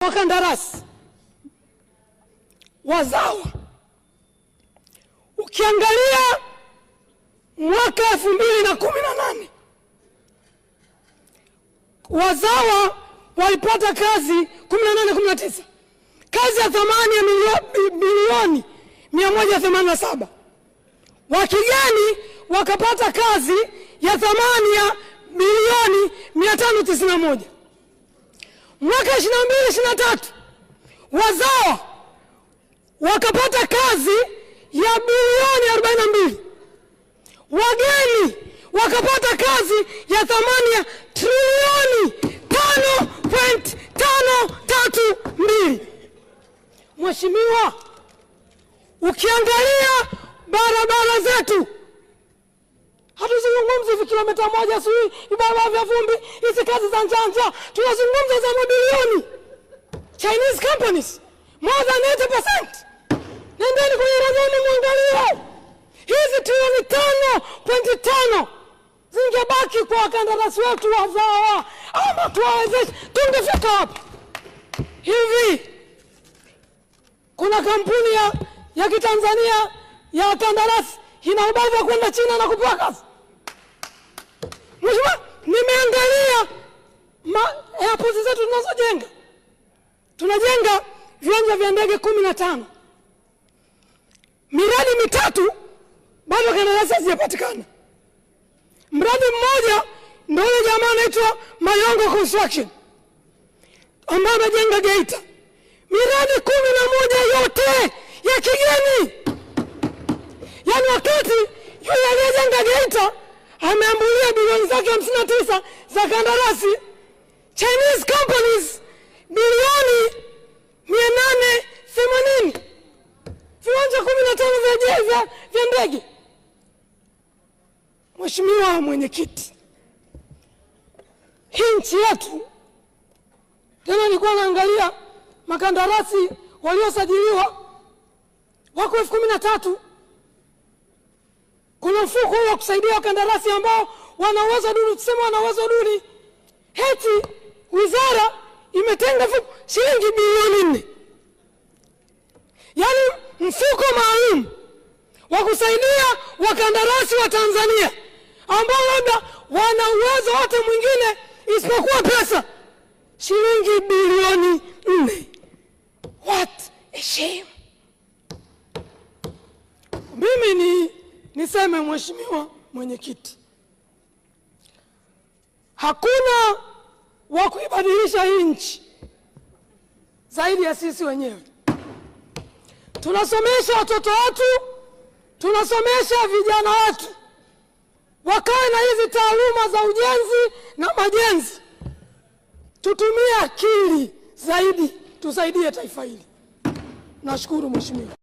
Wakandarasi wazawa, ukiangalia mwaka elfu mbili na kumi na nane wazawa walipata kazi kumi na nane kumi na tisa kazi ya thamani ya bilioni mia moja themanini na saba wakigeni wakapata kazi ya thamani ya bilioni mia tano tisini na moja mwaka 22 tatu wazawa wakapata kazi ya bilioni 42, wageni wakapata kazi ya thamani ya trilioni mbili. Mheshimiwa, ukiangalia barabara zetu Hatuzungumzi hivi kilomita moja, sijui vibarabara vya vumbi, hizi kazi za njanja, tunazungumza za mabilioni. Chinese companies more than 80%. Nendeni kwenye rajani mwangalie hizi trilioni tano pointi tano zingebaki kwa wakandarasi wetu wazawa, ama tuwawezeshe, tungefika hapa hivi. Kuna kampuni ya, ya kitanzania ya kandarasi ina ubavu wa kwenda China na kupewa kazi Mheshimiwa, nimeangalia airport zetu tunazojenga, tunajenga viwanja vya ndege kumi na tano, miradi mitatu bado kandarasi hazijapatikana. Mradi mmoja ndio ule jamaa anaitwa Mayongo Construction ambayo anajenga Geita, miradi kumi na moja yote ya kigeni. Yani wakati yule aliyejenga Geita ameambulia bilioni zake hamsini na tisa za kandarasi. Chinese companies bilioni mia nane themanini viwanja kumi na tano vya Jeza vya ndege. Mheshimiwa Mwenyekiti, hii nchi yetu tena, nilikuwa naangalia makandarasi waliosajiliwa wako elfu kumi na tatu kuna mfuko wa kusaidia wakandarasi ambao wanaweza duni, tuseme wanaweza duni, heti wizara imetenga fuko shilingi bilioni nne, yaani mfuko maalum wa kusaidia wakandarasi wa Tanzania ambao labda wana uwezo wote mwingine isipokuwa pesa, shilingi bilioni nne. What a shame! Mimi ni Niseme mheshimiwa mwenyekiti, hakuna wa kuibadilisha hii nchi zaidi ya sisi wenyewe. Tunasomesha watoto wetu, tunasomesha vijana wetu wakawe na hizi taaluma za ujenzi na majenzi. Tutumie akili zaidi, tusaidie taifa hili. Nashukuru mheshimiwa.